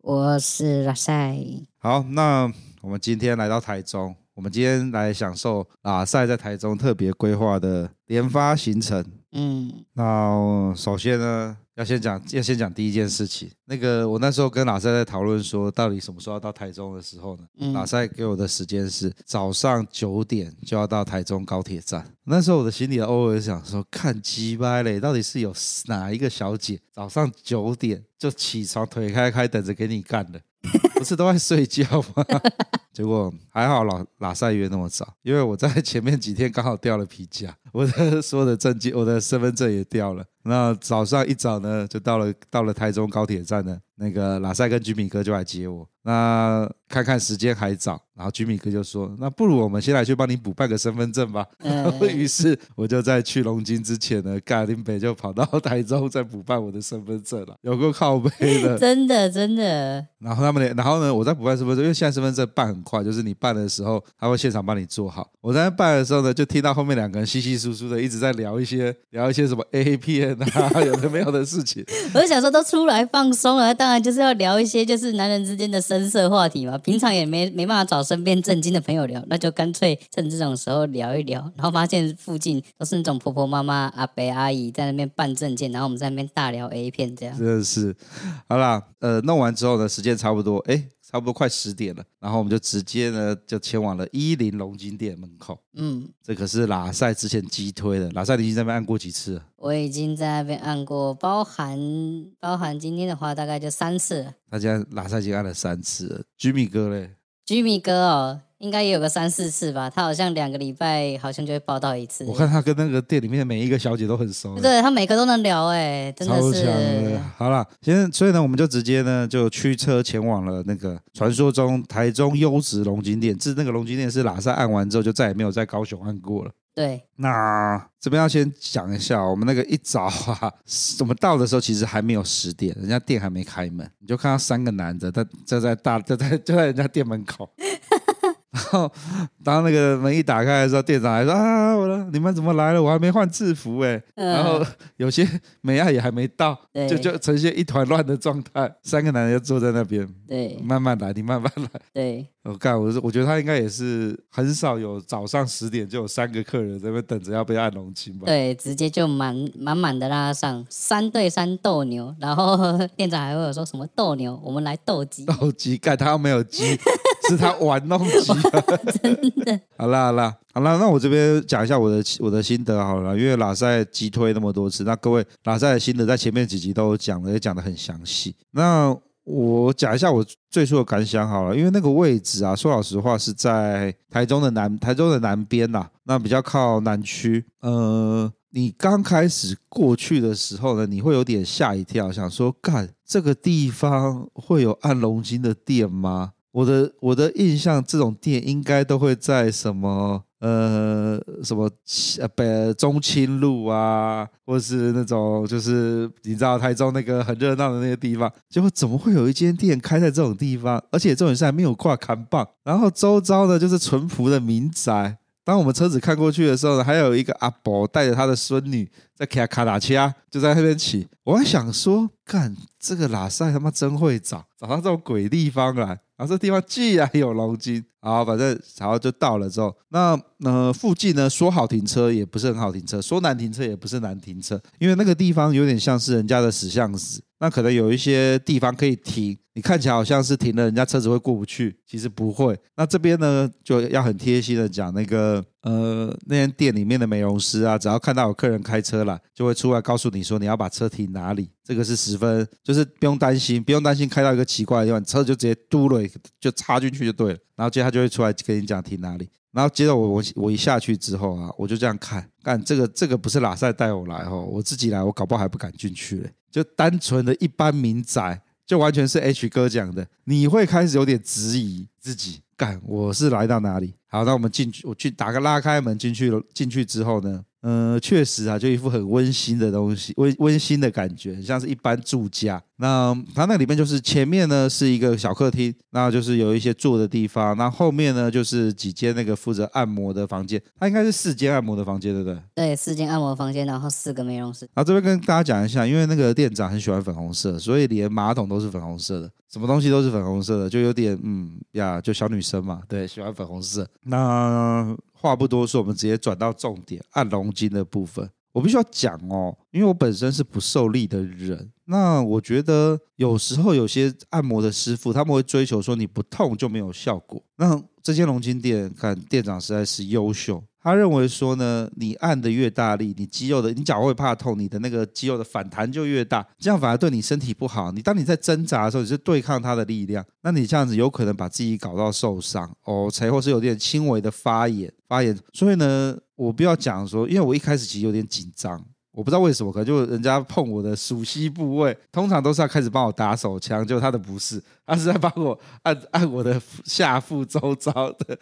我是喇賽，好，那我們今天來到台中，我們今天來享受喇賽在台中特別規劃的聯發行程。嗯，那首先呢。要先講，要先講第一件事情。那個我那時候跟喇賽在討論說，到底什麼時候要到台中的時候呢？嗯、喇賽給我的時間是早上九點就要到台中高鐵站。那時候我的心裡的偶爾想說，看雞掰嘞，到底是有哪一個小姐早上九點就起床腿開開等着給你幹的？ 不是都愛睡覺嗎？ 結果還好老喇賽約那麼早，因為我在前面幾天剛好掉了皮夾，我的所有的證件，我的身份證也掉了。那早上一早呢，就到了到了台中高鐵站呢，那個喇賽跟吉米哥就來接我。那看看時間還早，然後吉米哥就說：“那不如我們先來去幫你補辦個身份證吧。哎” 於是我就在去龍筋之前呢，蓋林北就跑到台中再補辦我的身份證了，有個靠北的，真的真的。然後他們呢，然後。然後呢，我在補辦身份證，因為現在身份證辦很快，就是你辦的時候，他會現場幫你做好。我在辦的時候呢，就聽到後面兩個人稀稀疏疏的一直在聊一些聊一些什麼 A 片啊，有的沒有的事情。 我就想說，都出來放鬆了，當然就是要聊一些就是男人之間的深色話題嘛。平常也沒沒辦法找身邊正經的朋友聊，那就乾脆趁這種時候聊一聊。然後發現附近都是那種婆婆媽媽、阿伯阿姨在那邊辦證件，然後我們在那邊大聊 A 片這樣。真的是，是，好啦，呃，弄完之後呢，時間差不多，哎。差不多快十點了，然後我們就直接呢，就前往了一零龍筋店門口。嗯，這可是喇賽之前激推的，喇賽你已經在那邊按過幾次？我已經在那邊按過，包含包含今天的話，大概就三次。大家喇賽已經按了三次了，Jimmy 哥嘞？Jimmy 哥哦。應該也有個三四次吧，他好像兩個禮拜好像就會報到一次。我看他跟那個店裡面的每一個小姐都很熟，對，他每個都能聊哎，真的是。的好了，現在，所以呢，我們就直接呢就驅車前往了那個傳說中台中優質龍筋店。至那個龍筋店是喇賽按完之後，就再也沒有在高雄按過了。對，那這邊要先講一下、哦，我們那個一早啊，我們到的時候其實還沒有十點，人家店還沒開門，你就看到三個男的，他在大在在就在人家店門口。 然後，當那個門一打開的時候，店長還說：“啊，我說你們怎麼來了？我還沒換制服哎、欸。呃”然後有些美愛也還沒到，對就就呈現一團亂的狀態。三個男人就坐在那邊，對，慢慢來，你慢慢來。對，哦、我看我我覺得他應該也是很少有早上十點就有三個客人在那邊等着要被按龍筋吧？對，直接就滿滿滿的拉上三對三鬥牛，然後呵呵店長還會有說什麼鬥牛？我們來鬥雞，鬥雞幹，他又沒有雞。 是他玩弄機， 真的。好啦好啦好啦，那我這邊講一下我的我的心得好了啦，因為喇賽激推那麼多次，那各位喇賽的心得在前面幾集都講了，也講得很詳細。那我講一下我最初的感想好了，因為那個位置啊，說老實話是在台中的南台中的南邊吶、啊，那比較靠南區。呃，你剛開始過去的時候呢，你會有點嚇一跳，想說：幹，這個地方會有按龍筋的店嗎？我的我的印象，這種店應該都會在什麼呃什麼呃中清路啊，或是那種就是你知道台中那個很熱鬧的那個地方，結果怎麼會有一間店開在這種地方？而且這種是還沒有掛扛棒，然後周遭呢就是淳樸的民宅。當我們車子開過去的時候，還有一個阿伯帶着他的孫女在開卡打掐啊，就在那邊騎。我還想說，幹，這個喇賽他媽真會找，找到這種鬼地方來。然後，啊，這個地方既然有龍筋，然後反正然後就到了之後，那呃附近呢，說好停車也不是很好停車，說難停車也不是難停車，因為那個地方有點像是人家的死巷子。那可能有一些地方可以停，你看起來好像是停了，人家車子會過不去，其實不會。那這邊呢，就要很貼心的講那個，呃，那間店裡面的美容師啊，只要看到有客人開車了，就會出來告訴你說，你要把車停哪裡。這個是十分，就是不用擔心，不用擔心開到一個奇怪的地方，車就直接嘟了，就插進去就對了。然後接下他就會出來跟你講停哪裡。然後接着我我我一下去之後啊，我就這樣看，幹，這個這個不是喇賽帶我來哦，我自己來，我搞不好還不敢進去嘞、欸。就單純的一般民宅，就完全是 H 哥講的，你會開始有點質疑自己，幹，我是來到哪裡？好，那我們進去，我去打個拉開門進去，進去之後呢？嗯、呃，確實啊，就一副很溫馨的東西，溫溫馨的感覺，很像是一般住家。那它那裡面就是前面呢是一個小客廳，那就是有一些坐的地方。那後面呢就是幾間那個負責按摩的房間，它應該是四間按摩的房間，對不對？對，四間按摩房間，然後四個美容室。啊，這邊跟大家講一下，因為那個店長很喜歡粉紅色，所以連馬桶都是粉紅色的，什麼東西都是粉紅色的，就有點嗯呀，就小女生嘛，對，喜歡粉紅色。那話不多說，我們直接轉到重點，按龍筋的部分，我必須要講哦，因為我本身是不受力的人，那我覺得有時候有些按摩的師傅他們會追求說你不痛就沒有效果，那這間龍筋店，看店長實在是優秀。他認為說呢，你按得越大力，你肌肉的你腳會怕痛，你的那個肌肉的反彈就越大，這樣反而對你身體不好。你當你在掙扎的時候，你就對抗它的力量，那你這樣子有可能把自己搞到受傷哦，才或是有點輕微的發炎，發炎。所以呢，我不要講說，因為我一開始其實有點緊張。我不知道為什麼，可能就人家碰我的熟悉部位，通常都是要開始幫我打手槍。結果他的不是，他是在幫我按按我的下腹周遭的。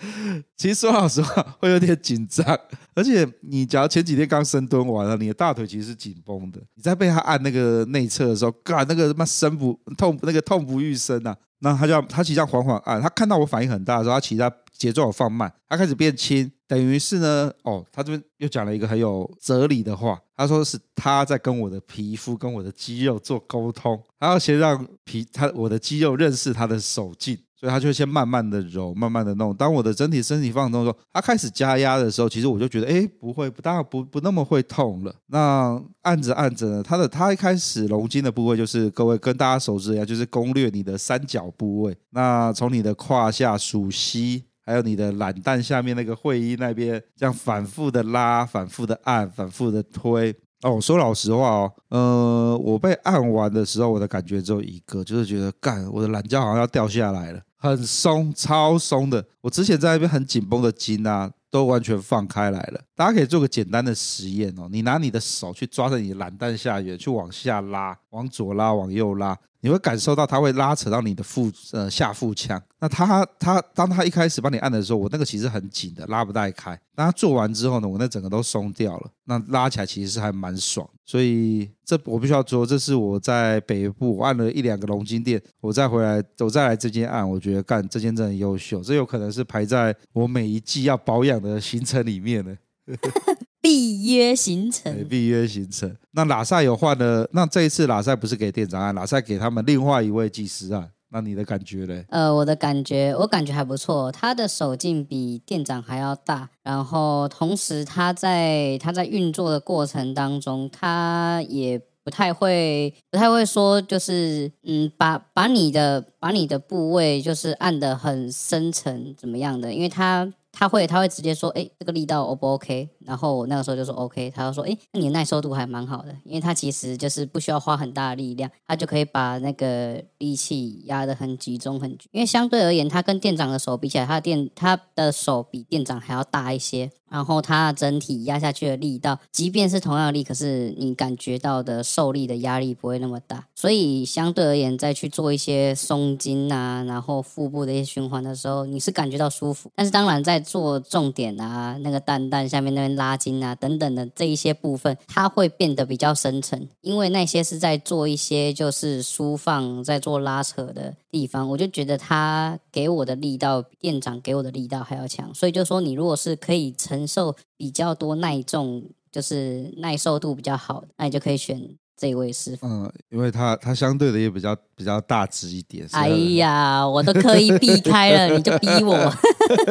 其實說老實話，會有點緊張。而且你假如前幾天剛深蹲完了，你的大腿其實是緊繃的。你在被他按那個內側的時候，幹，那個什麼，生不痛，那個痛不欲生吶、啊。然後他就要，他其實要緩緩按，他看到我反應很大，的時候，他其實他節奏我放慢，他開始變輕。等於是呢，哦，他這邊又講了一個很有哲理的話，他說是他在跟我的皮膚、跟我的肌肉做溝通，他要先讓皮他我的肌肉認識他的手勁，所以他就會先慢慢的揉、慢慢的弄。當我的整體身體放鬆的時候，他開始加壓的時候，其實我就覺得，哎，不會不大不不那麼會痛了。那按着按着呢，他的他一開始龍筋的部位就是各位跟大家熟知的一樣，就是攻略你的三角部位，那從你的胯下鼠蹊。還有你的懶蛋下面那個會陰那邊，這樣反覆的拉，反覆的按，反覆的推。哦，說老實話哦，呃，我被按完的時候，我的感覺只有一個，就是覺得幹我的懶叫好像要掉下來了，很鬆，超鬆的。我之前在那邊很緊繃的筋啊，都完全放開來了。大家可以做個簡單的實驗哦，你拿你的手去抓着你的懶蛋下緣，去往下拉，往左拉，往右拉。你會感受到它會拉扯到你的腹，呃，下腹腔。那他他當他一開始幫你按的時候，我那個其實很緊的，拉不太開。那他做完之後呢，我那整個都鬆掉了，那拉起來其實是還蠻爽。所以這我必須要說，這是我在北部按了一兩個龍筋店，我再回來，我再來這間按，我覺得干這間真的優秀，這有可能是排在我每一季要保養的行程裡面的。 預約行程，欸，預約行程。那喇賽有換了，那這一次喇賽不是給店長按，喇賽給他們另外一位技師按、啊。那你的感覺呢？呃，我的感覺，我感覺還不錯。他的手勁比店長還要大，然後同時他在他在運作的過程當中，他也不太會，不太會說，就是嗯，把把你的把你的部位就是按得很深層怎麼樣的，因為他。他會，他會直接說，哎，這個力道 O 不 OK？然後我那個時候就說 OK，他就說，哎，那你耐受度還蠻好的，因為他其實就是不需要花很大的力量，他就可以把那個力氣壓得很集中很，因為相對而言，他跟店長的手比起來，他的店，他的手比店長還要大一些。然後它整體壓下去的力道，即便是同樣的力，可是你感覺到的受力的壓力不會那麼大，所以相對而言，在去做一些鬆筋啊，然後腹部的一些循環的時候，你是感覺到舒服。但是當然，在做重點啊，那個蛋蛋下面那邊拉筋啊等等的這一些部分，它會變得比較深層，因為那些是在做一些就是舒放，在做拉扯的地方，我就覺得它。給我的力道比店長給我的力道還要強，所以就說你如果是可以承受比較多耐重，就是耐受度比較好的，那你就可以選。這位師傅，嗯，因為他他相對的也比較比較大只一點。哎呀，我都刻意避開了， 你就逼我。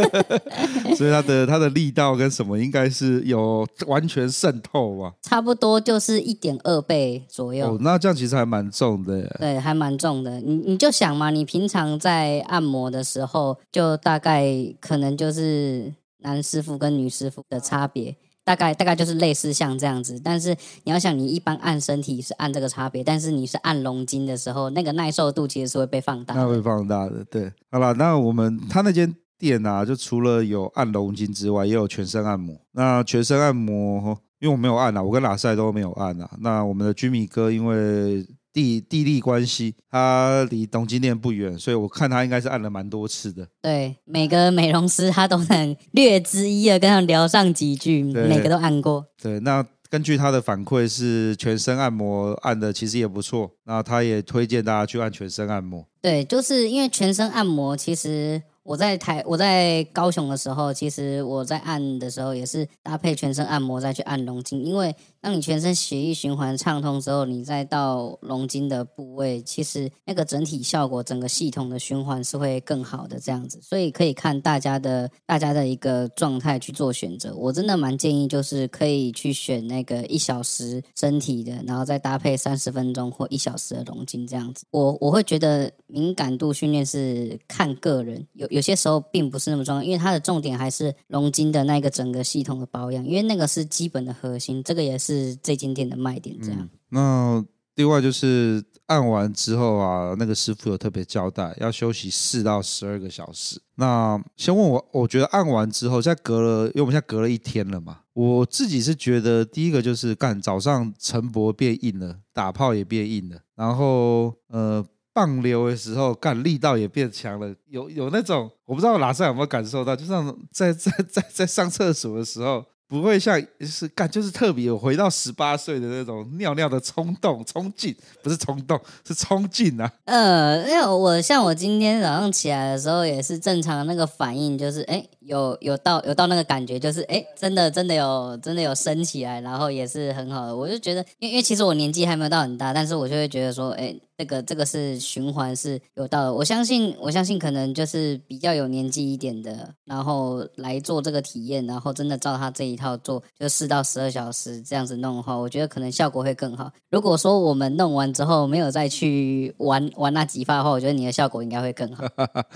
所以他的他的力道跟什麼應該是有完全滲透吧？差不多就是一點二倍左右。哦，那這樣其實還蠻重的。對，還蠻重的。你你就想嘛，你平常在按摩的時候，就大概可能就是男師傅跟女師傅的差別。大概大概就是類似像這樣子，但是你要想，你一般按身體是按這個差別，但是你是按龍筋的時候，那個耐受度其實是會被放大，那會放大的，對。好啦，那我們、嗯、他那間店啊，就除了有按龍筋之外，也有全身按摩。那全身按摩，因為我沒有按啊，我跟喇賽都沒有按啊。那我們的吉米哥，因為。地地利關係，他離東京店不遠，所以我看他應該是按了蠻多次的。對，每個美容師他都能略知一二，跟他聊上幾句，對每個都按過。對，那根據他的反饋是全身按摩按的其實也不錯，那他也推薦大家去按全身按摩。對，就是因為全身按摩，其實我在台我在高雄的時候，其實我在按的時候也是搭配全身按摩再去按龍筋，因為。當你全身血液循環暢通之後，你再到龍筋的部位，其實那個整體效果、整個系統的循環是會更好的，這樣子。所以可以看大家的大家的一個狀態去做選擇。我真的蠻建議，就是可以去選那個一小時身體的，然後再搭配三十分鐘或一小時的龍筋這樣子。我我會覺得敏感度訓練是看個人，有有些時候並不是那麼重要，因為它的重點還是龍筋的那個整個系統的保養，因為那個是基本的核心，這個也是。這是這間店的賣點，這樣，嗯。那另外就是按完之後啊，那個師傅有特別交代，要休息四到十二個小時。那先問我，我覺得按完之後，再在隔了，因為我們現在隔了一天了嘛。我自己是覺得，第一個就是幹早上晨勃變硬了，打炮也變硬了。然後呃，棒流的時候幹力道也變強了，有有那種我不知道喇賽有沒有感受到，就像在在在在上廁所的時候。不會像，是幹就是特別有回到十八歲的那種尿尿的衝動、衝勁，不是衝動，是衝勁吶、啊。呃，因為我像我今天早上起來的時候，也是正常的那個反應，就是哎。誒有有到有到那個感覺，就是誒，真的真的有真的有升起來，然後也是很好的。我就覺得，因為因為其實我年紀還沒有到很大，但是我就會覺得說，誒，這個這個是循環是有到的。我相信我相信可能就是比較有年紀一點的，然後來做這個體驗，然後真的照他這一套做，就四到十二小時這樣子弄的話，我覺得可能效果會更好。如果說我們弄完之後沒有再去玩玩那幾發的話，我覺得你的效果應該會更好。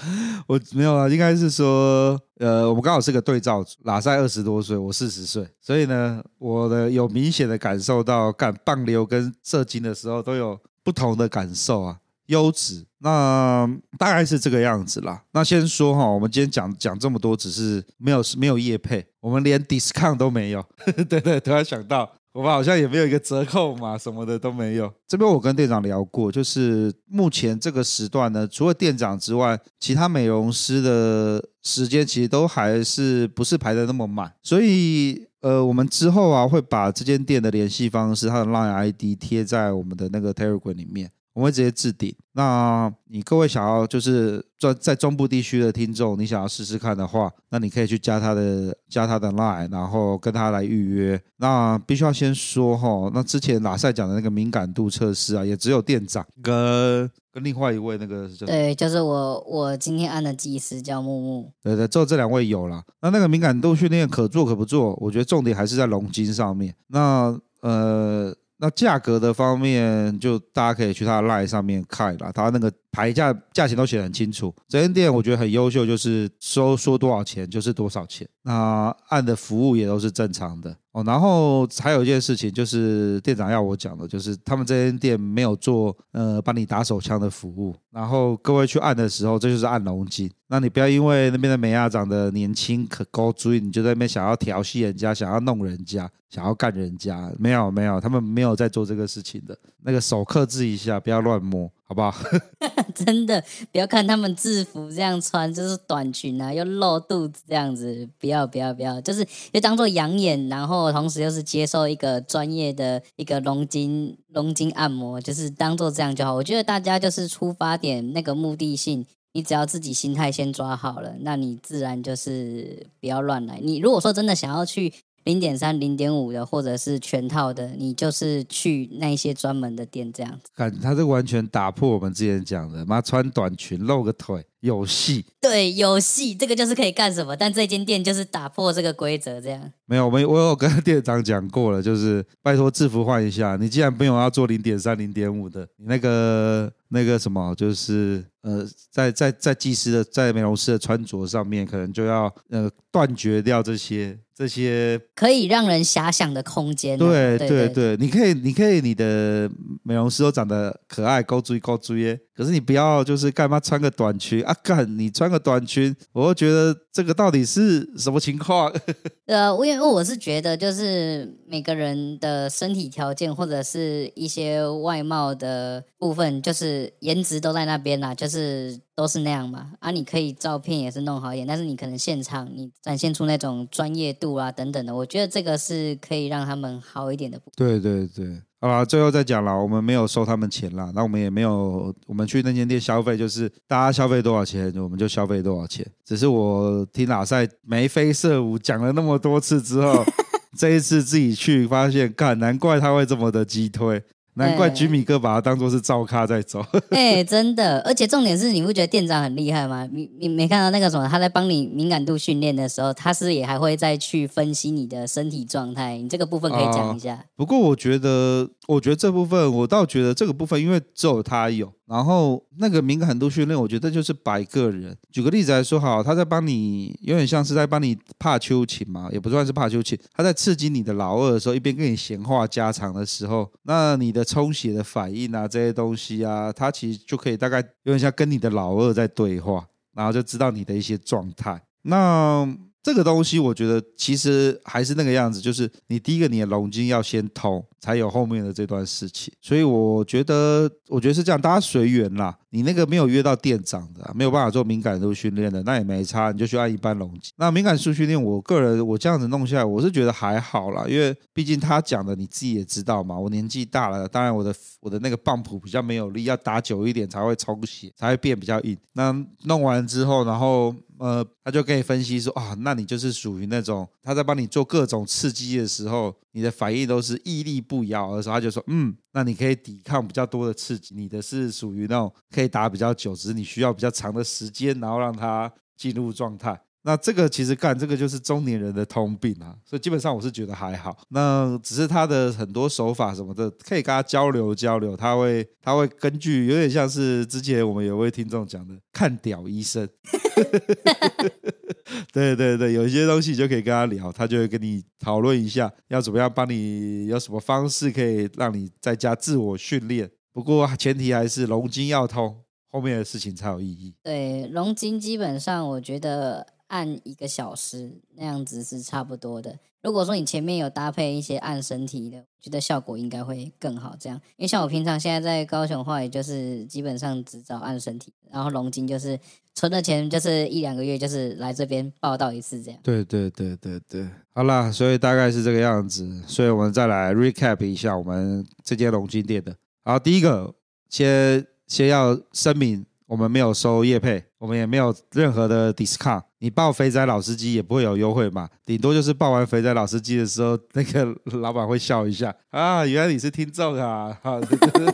我沒有啊，應該是說。呃，我們剛好是個對照組，喇賽二十多歲，我四十歲，所以呢，我的有明顯的感受到，干棒流跟射精的時候都有不同的感受啊。優質，那大概是這個樣子啦。那先說哈、哦，我們今天講講這麼多，只是沒有沒有業配，我們連 discount 都沒有呵呵。對對，突然想到。我們好像也沒有一個折扣嘛，什麼的都沒有。這邊我跟店長聊過，就是目前這個時段呢，除了店長之外，其他美容師的時間其實都還是不是排的那麼滿。所以，呃，我們之後啊，會把這間店的聯繫方式、它的 LINE ID 貼在我們的那個 Telegram 裡面。我們會直接置頂。那你各位想要就是在中部地區的聽眾，你想要試試看的話，那你可以去加他的加他的 line，然後跟他來預約。那必須要先說哈、哦，那之前喇賽講的那個敏感度測試啊，也只有店長跟哥跟另外一位那個對，就，就是我我今天按的技師叫木木，對對，就這兩位有啦。那那個敏感度訓練可做可不做，我覺得重點還是在龍筋上面。那呃。那價格的方面，就大家可以去他的 line 上面看啦，他那個牌價價錢都寫得很清楚。整間店我覺得很優秀，就是收說多少錢就是多少錢，那按的服務也都是正常的。哦、然後還有一件事情，就是店長要我講的，就是他們這間店沒有做呃幫你打手槍的服務。然後各位去按的時候，這就是按龍筋。那你不要因為那邊的美亞長得年輕可高追，你就在那邊想要調戲人家，想要弄人家，想要幹人家。沒有沒有，他們沒有在做這個事情的。那個手克制一下，不要亂摸。好不好？ 真的不要看他們制服這樣穿，就是短裙啊，又露肚子這樣子，不要不要不要，就是就當做養眼，然後同時又是接受一個專業的一個龍筋龍筋按摩，就是當做這樣就好。我覺得大家就是出發點那個目的性，你只要自己心態先抓好了，那你自然就是不要亂來。你如果說真的想要去。零點三、零點五的，或者是全套的，你就是去那些專門的店這樣子。幹，他是完全打破我們之前講的，媽穿短裙露個腿。有戲對有戲，這個就是可以幹什麼？但這間店就是打破這個規則這樣沒有，我們我有跟店長講過了，就是拜托制服換一下。你既然不用要做零點三、零點五的，你那個那個什麼，就是呃，在在在技師的在美容師的穿着上面，可能就要呃斷絕掉這些這些可以讓人遐想的空間。對對對，對你可以，你可以，你的美容師都長得可愛，勾追勾追耶。可是你不要，就是幹嘛穿個短裙啊？幹，你穿個短裙，我會覺得這個到底是什麼情況？ 呃，因為我是覺得，就是每個人的身體條件或者是一些外貌的部分，就是顏值都在那邊啦，就是。都是那樣嘛，啊，你可以照片也是弄好一點，但是你可能現場你展現出那種專業度啊等等的，我覺得這個是可以讓他們好一點的。對對對，好啦，最後再講啦，我們沒有收他們錢啦，那我們也沒有，我們去那間店消費，就是大家消費多少錢，我們就消費多少錢。只是我聽喇賽眉飛色舞講了那麼多次之後， 這一次自己去發現，看難怪他會這麼的激推。難怪吉米哥把他當作是照咖在走對。哎、 欸，真的，而且重點是，你不覺得店長很厲害嗎？你你沒看到那個什麼，他在幫你敏感度訓練的時候，他是也還會再去分析你的身體狀態，你這個部分可以講一下、啊。不過我覺得，我覺得這部分，我倒覺得這個部分，因為只有他有。然後那個敏感度訓練，我覺得就是白個人。舉個例子來說，哈，他在幫你，有點像是在幫你怕秋情嘛，也不算是怕秋情，他在刺激你的老二的時候，一邊跟你閒話家常的時候，那你的充血的反應啊，這些東西啊，他其實就可以大概有點像跟你的老二在對話，然後就知道你的一些狀態。那這個東西我覺得其實還是那個樣子，就是你第一個你的龍筋要先通，才有後面的這段事情。所以我覺得，我覺得是這樣，大家隨緣啦。你那個沒有約到店長的、啊，沒有辦法做敏感度訓練的，那也沒差，你就去按一般龍筋。那敏感度訓練，我個人我這樣子弄下來，我是覺得還好啦，因為畢竟他講的你自己也知道嘛。我年紀大了，當然我的我的那個棒譜比較沒有力，要打久一點才會充血，才會變比較硬。那弄完之後，然後。呃，他就可以分析說啊，哦，那你就是屬於那種他在幫你做各種刺激的時候，你的反應都是屹立不搖的時候，他就說，嗯，那你可以抵抗比較多的刺激，你的是屬於那種可以打比較久，只是你需要比較長的時間，然後讓它進入狀態。那這個其實幹這個就是中年人的通病啊，所以基本上我是覺得還好。那只是他的很多手法什麼的，可以跟他交流交流。他會他會根據有點像是之前我們有位聽眾講的，看屌醫生。 對對對，有一些東西就可以跟他聊，他就會跟你討論一下要怎麼樣幫你，有什麼方式可以讓你在家自我訓練。不過前提還是龍筋要通，後面的事情才有意義。對，龍筋基本上我覺得。按一個小時那樣子是差不多的。如果說你前面有搭配一些按身體的，我覺得效果應該會更好。這樣，因為像我平常現在在高雄的話，也就是基本上只找按身體，然後龍筋就是存的錢，就是一兩個月就是來這邊報到一次這樣。對對對對對，好啦，所以大概是這個樣子。所以我們再來 recap 一下我們這間龍筋店的。好，第一個先先要聲明。我們沒有收業配，我們也沒有任何的 discount。你報肥仔老司機也不會有優惠嘛，頂多就是報完肥仔老司機的時候，那個老闆會笑一下啊，原來你是聽眾啊，哈、 啊，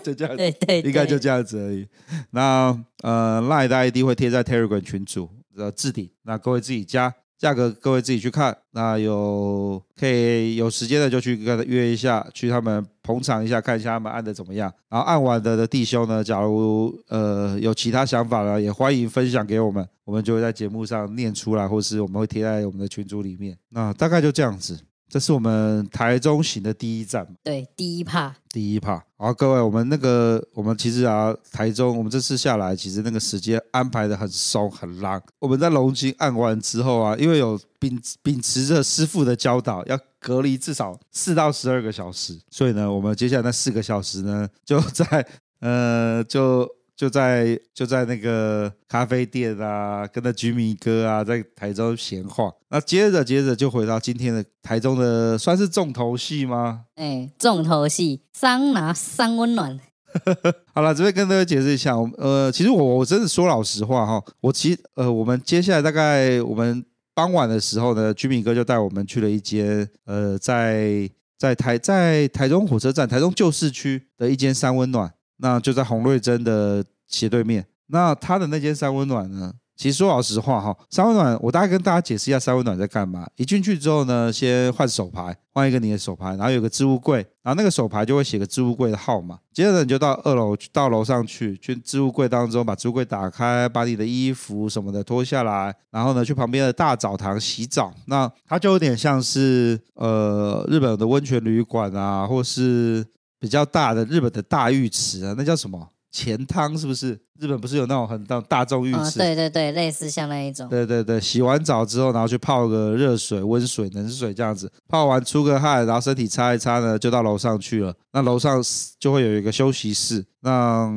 就這樣， 對對，對，應該就這樣子而已。那呃，LINE 的 ID 會貼在 Telegram 群組的置頂，那各位自己加。價格各位自己去看，那有可以有時間的就去跟他約一下，去他們捧場一下，看一下他們按的怎麼樣。然後按完的的弟兄呢，假如呃有其他想法呢，也歡迎分享給我們，我們就會在節目上念出來，或是我們會貼在我們的群組裡面。那大概就這樣子。這是我們台中行的第一站，對，第一趴，第一趴。好，各位，我們那個，我們其實啊，台中，我們這次下來，其實那個時間安排得很鬆很浪。我們在龍筋按完之後啊，因為有秉秉持着師傅的教導，要隔離至少四到十二個小時，所以呢，我們接下來那四個小時呢，就在呃，就。就在就在那個咖啡店啊，跟着吉米哥啊，在台中閒晃。那接着接着就回到今天的台中的算是重頭戲嗎？哎、欸，重頭戲，桑拿三溫暖。 好了，這邊跟大家解釋一下，我呃，其實我我真的說老實話哈、哦，我其呃，我們接下來大概我們傍晚的時候呢，吉米哥就帶我們去了一間呃，在在台在台中火車站台中舊市區的一間三溫暖。那就在洪瑞珍的斜對面。那他的那間三溫暖呢？其實說老實話哈，三溫暖我大概跟大家解釋一下三溫暖在幹嘛。一進去之後呢，先換手牌，換一個你的手牌，然後有個置物櫃，然後那個手牌就會寫個置物櫃的號碼。接着呢，你就到二樓，到樓上去，去置物櫃當中把置物櫃打開，把你的衣服什麼的脫下來，然後呢，去旁邊的大澡堂洗澡。那它就有點像是呃日本的溫泉旅館啊，或是。比較大的日本的大浴池啊，那叫什麼錢湯是不是？日本不是有那種很那大眾浴池，嗯。對對對，類似像那一種。對對對，洗完澡之後，然後去泡個熱水、溫水、冷水這樣子，泡完出個汗，然後身體擦一擦呢，就到樓上去了。那樓上就會有一個休息室，那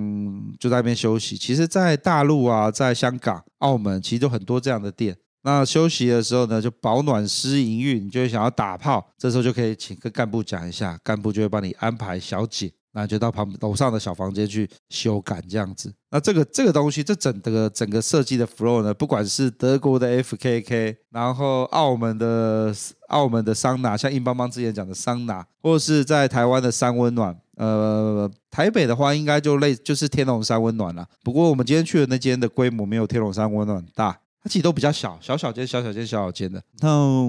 就在那邊休息。其實，在大陸啊，在香港、澳門，其實有很多這樣的店。那休息的時候呢，就保暖、濕、營運，你就會想要打炮，這時候就可以請個幹部講一下，幹部就會幫你安排小姐，那就到旁樓上的小房間去修改這樣子。那這個這個東西，這整個整個設計的 flow 呢，不管是德國的 FKK，然後澳門的澳門的桑拿，像硬邦邦之前講的桑拿，或是在台灣的三溫暖，呃，台北的話應該就類就是天龍三溫暖了。不過我們今天去的那間的規模沒有天龍三溫暖大。它自己都比較小，小小間、小小間、小小間的。嗯、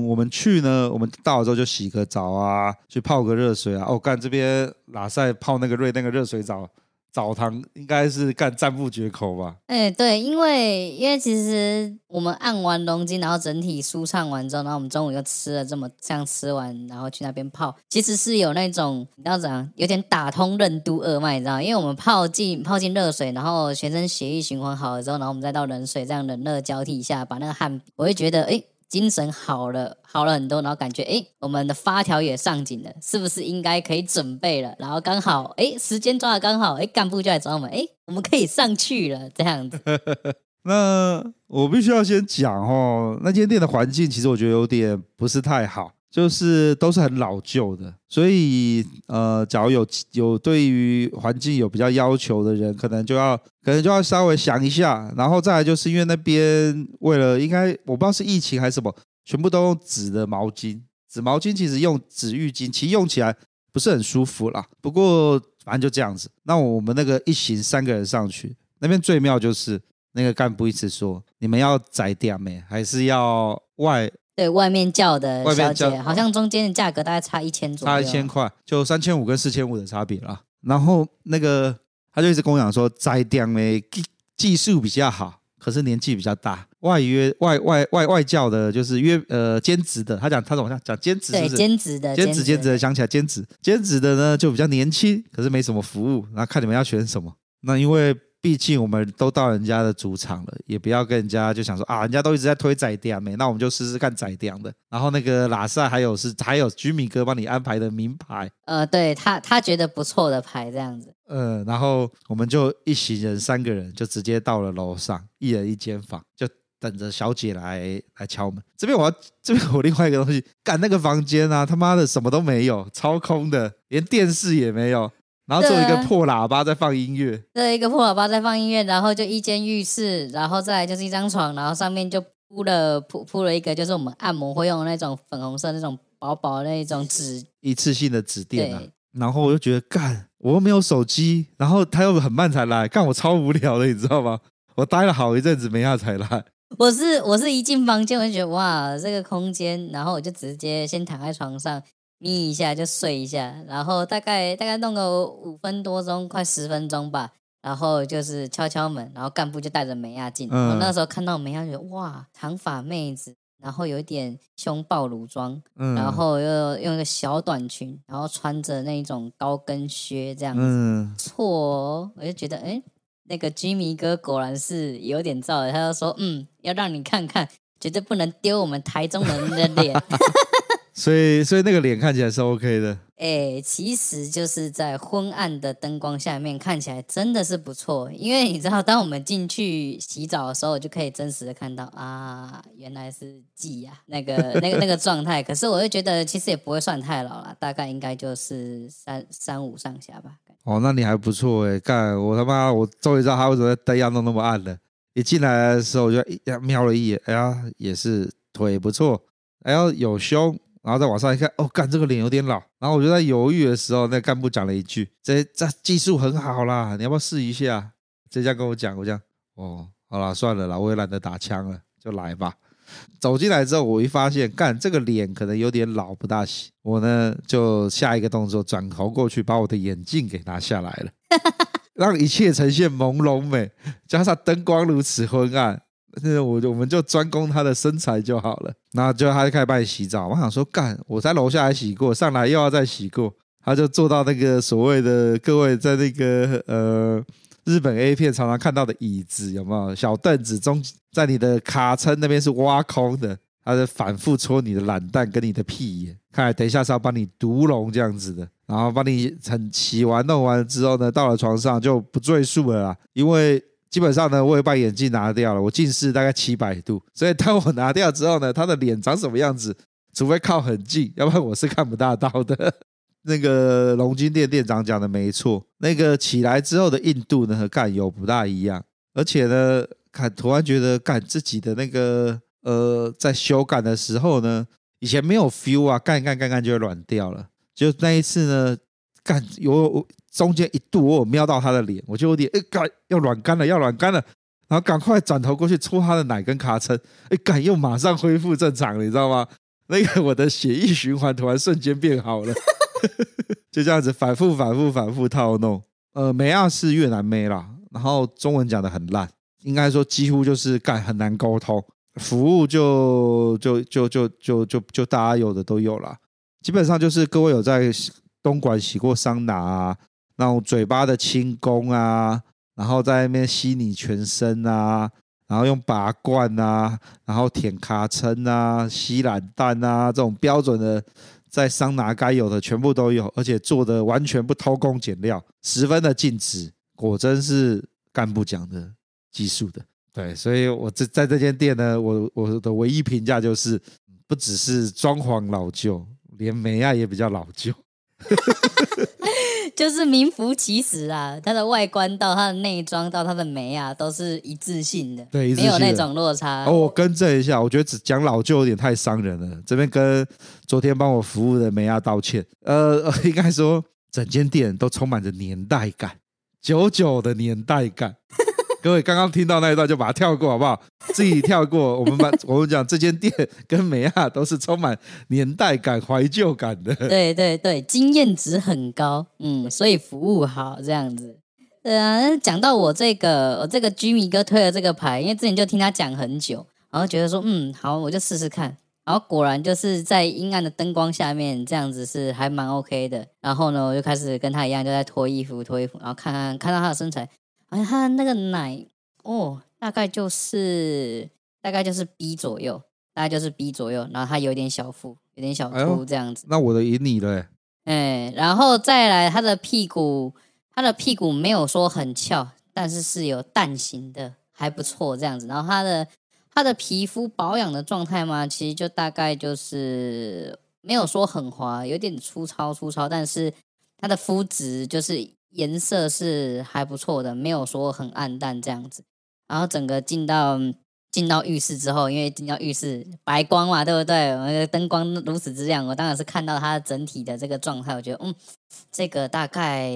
那我們去呢？我們到了之後就洗個澡啊，去泡個熱水啊。哦，幹這邊喇賽泡那個瑞那個熱水澡。澡堂應該是干讚不絕口吧？哎、欸，對，因為因為其實我們按完龍筋，然後整體舒暢完之後，然後我們中午又吃了這麼這樣吃完，然後去那邊泡，其實是有那種你知道怎樣？有點打通任督二脈，你知道嗎？因為我們泡進泡進熱水，然後全身血液循環好了之後，然後我們再到冷水，這樣冷熱交替一下，把那個汗，我會覺得哎。欸精神好了，好了很多，然後感覺哎、欸，我們的發條也上緊了，是不是應該可以準備了？然後剛好哎、欸，時間抓得剛好，哎、欸，幹部就來找我們，哎、欸，我們可以上去了，這樣子。 那我必須要先講哦，那間店的環境其實我覺得有點不是太好。就是都是很老舊的，所以呃，假如有有對於環境有比較要求的人，可能就要可能就要稍微想一下。然後再來就是因為那邊為了應該我不知道是疫情還是什麼，全部都用紙的毛巾，紙毛巾其實用紙浴巾，其實用起來不是很舒服啦。不過反正就這樣子。那我們那個一行三個人上去，那邊最妙就是那個幹部一直說，你們要宅點沒，還是要外？對外面叫的小姐，外面教，好像中間的價格大概差一千多，差一千塊，就三千五跟四千五的差別啦。然後那個他就一直跟我講說，在店內技術比較好，可是年紀比較大。外約外外外外教的就是約呃兼職的，他講他怎麼講，兼職兼職的，兼職職兼職職的，講起來兼職兼職的呢就比較年輕，可是沒什麼服務。然後看你們要選什麼，那因為。畢竟我們都到人家的主場了，也不要跟人家就想說啊，人家都一直在推宰雕沒，那我們就試試看宰雕的。然後那個喇賽還有是還有吉米哥幫你安排的名牌，呃對，對他他覺得不錯的牌這樣子。嗯、呃，然後我們就一行人三個人就直接到了樓上，一人一間房，就等着小姐來來敲門。這邊我要這邊我另外一個東西，幹那個房間啊，他媽的什麼都沒有，超空的，連電視也沒有。然後就有一個破喇叭在放音樂對啊。這一個破喇叭在放音樂，然後就一間浴室，然後再就是一張床，然後上面就鋪了鋪鋪了一個就是我們按摩會用的那種粉紅色那種薄薄的那一種紙 一次性的紙墊啊。對然後我就覺得幹，我又沒有手機，然後他又很慢才來，幹我超無聊的，你知道嗎？我待了好一陣子沒下才來。我是我是一進房間我就覺得哇，這個空間，然後我就直接先躺在床上。眯一下就睡一下，然後大概大概弄個五分多鐘，快十分鐘吧。然後就是敲敲門，然後幹部就帶着梅亞進。我、嗯、那時候看到梅亞，覺得哇，長髮妹子，然後有一點胸爆乳裝，嗯、然後又用一個小短裙，然後穿着那一種高跟靴這樣子。嗯、錯、哦，我就覺得哎，那個吉米哥果然是有點燥的。他就說，嗯，要讓你看看，絕對不能丟我們台中人的臉。 所以，所以那個臉看起來是 OK 的。哎、欸，其實就是在昏暗的燈光下面看起來真的是不錯，因為你知道，當我們進去洗澡的時候，就可以真實的看到啊，原來是雞啊，那個、那個、那個狀態。 可是我又覺得，其實也不會算太老了，大概應該就是三三五上下吧。哦，那你還不錯哎、欸，幹，我他媽，我終於知道他為什麼燈要弄那麼暗了。一進來的時候，我就一瞄了一眼，哎呀，也是腿不錯，還、哎、要有胸，然後再往上一看，哦，幹，這個臉有點老。然後我就在猶豫的時候，那幹部講了一句：“這這技術很好啦，你要不要試一下？”這家跟我講，我講哦，好啦，算了啦，我也懶得打槍了，就來吧。走進來之後，我一發現，幹，這個臉可能有點老，不大行。我呢，就下一個動作，轉頭過去，把我的眼鏡給拿下來了， 讓一切呈現朦朧美，加上燈光如此昏暗。那、嗯、我我們就專攻他的身材就好了，然後就他就開始幫你洗澡。我想說，幹，我在樓下還洗過，上來又要再洗過。他就坐到那個所謂的各位在那個呃日本 A 片常常看到的椅子，有沒有小凳子，中？中在你的卡稱那邊是挖空的，他就反覆戳你的懶蛋跟你的屁眼。看來等一下是要幫你毒龍這樣子的，然後幫你很洗完弄完之後呢，到了床上就不贅述了啦，因為。基本上呢，我也把眼鏡拿掉了。我近視大概七百度，所以當我拿掉之後呢，他的臉長什麼樣子，除非靠很近，要不然我是看不大到的。 那個龍筋店店長講的沒錯，那個起來之後的硬度呢，和乾油不大一樣，而且呢，看，突然覺得幹自己的那個呃，在修感的時候呢，以前沒有 feel 啊，幹幹幹幹就軟掉了。就那一次呢，乾油中間一度我有瞄到他的臉，我就有點哎、欸、幹，要軟幹了，要軟幹了，然後趕快轉頭過去戳他的奶跟卡塵，哎，幹又馬上恢復正常了，你知道嗎？那個我的血液循環突然瞬間變好了， 就這樣子反復反復反復套弄。呃，美亞是越南妹啦，然後中文講的很爛，應該說幾乎就是幹，很難溝通，服務就就、就就就就就就就大家有的都有啦，基本上就是各位有在東莞洗過桑拿啊。那種嘴巴的輕功啊，然後在那邊吸你全身啊，然後用拔罐啊，然後舔卡撐啊，吸懶蛋啊，這種標準的在桑拿該有的全部都有，而且做的完全不偷工減料，十分的精緻，果真是幹部講的技術的，對，所以我這在這間店呢，我我的唯一評價就是，不只是裝潢老舊，連美眉也比較老舊。 就是名副其實啊！它的外觀到它的內裝到它的美亞，都是一致性的，對，一致性的沒有那種落差。哦，我更正一下，我覺得只講老舊有點太傷人了。這邊跟昨天幫我服務的美亞道歉。呃，應該說整間店都充滿着年代感，九九的年代感。 各位剛剛聽到那一段就把它跳過好不好？自己跳過。 我們把我們講這間店跟美亞都是充滿年代感、懷舊感的。對對對，經驗值很高，嗯，所以服務好這樣子。對啊，講到我這個，我這個吉米哥推了這個牌，因為之前就聽他講很久，然後覺得說，嗯，好，我就試試看。然後果然就是在陰暗的燈光下面，這樣子是還蠻 OK 的。然後呢，我就開始跟他一樣，就在脫衣服、脫衣服，然後看看看到他的身材。哎，他那個奶哦，大概就是大概就是 B 左右，大概就是 B 左右。然後他有點小腹，有點小腹這樣子。哎、那我的引你了、欸。哎，然後再來他的屁股，他的屁股沒有說很翹，但是是有蛋形的，還不錯這樣子。然後他的他的皮膚保養的狀態嘛，其實就大概就是沒有說很滑，有點粗糙粗糙，但是他的膚質就是。顏色是還不錯的，沒有說很暗淡這樣子。然後整個進到進到浴室之後，因為進到浴室白光嘛，對不對？我們的燈光如此之亮，我當然是看到它整體的這個狀態。我覺得，嗯，這個大概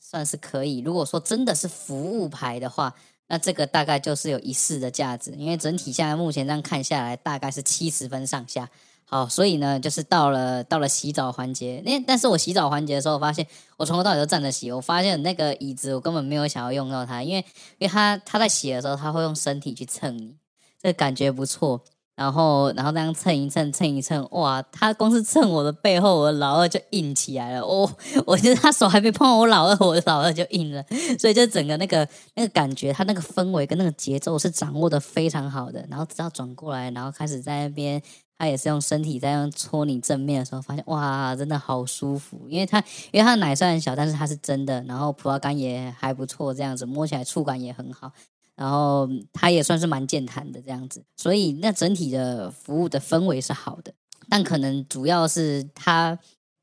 算是可以。如果說真的是服務牌的話，那這個大概就是有一試的價值。因為整體現在目前這樣看下來，大概是七十分上下。好，所以呢，就是到了到了洗澡環節，那、欸、但是我洗澡環節的時候，我發現我從頭到尾都站着洗。我發現那個椅子，我根本沒有想要用到它，因為因為他他在洗的時候，他會用身體去蹭你，這個、感覺不錯。然後然後這樣蹭一蹭，蹭一蹭，哇，他光是蹭我的背後，我的老二就硬起來了。哦，我覺得他手還沒碰到我老二，我的老二就硬了。所以就整個那個那個感覺，他那個氛圍跟那個節奏是掌握得非常好的。然後直到轉過來，然後開始在那邊。他也是用身體在用搓你正面的時候，發現哇，真的好舒服。因為他因為他的奶雖然小，但是它是真的，然後葡萄乾也還不錯，這樣子摸起來觸感也很好。然後他也算是蠻健談的這樣子，所以那整體的服務的氛圍是好的。但可能主要是他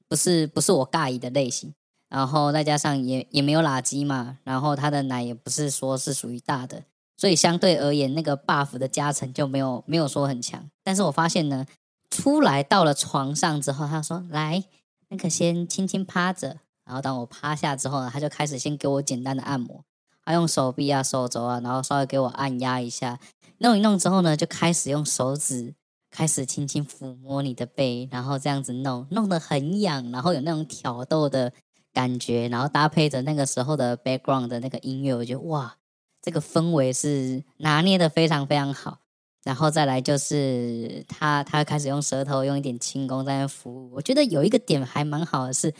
不是不是我甲意的類型，然後再加上也也沒有垃圾嘛，然後他的奶也不是說是屬於大的。所以相對而言，那個 buff 的加成就沒有沒有說很強。但是我發現呢，出來到了床上之後，他說：“來，那個先輕輕趴着，然後當我趴下之後呢，他就開始先給我簡單的按摩，他用手臂啊、手肘啊，然後稍微給我按壓一下，弄一弄之後呢，就開始用手指開始輕輕撫摸你的背，然後這樣子弄，弄得很癢，然後有那種挑逗的感覺，然後搭配着那個時候的 background 的那個音樂，我覺得哇。”這個氛圍是拿捏的非常非常好，然後再來就是他他開始用舌頭用一點輕功在那服務，我覺得有一個點還蠻好的是，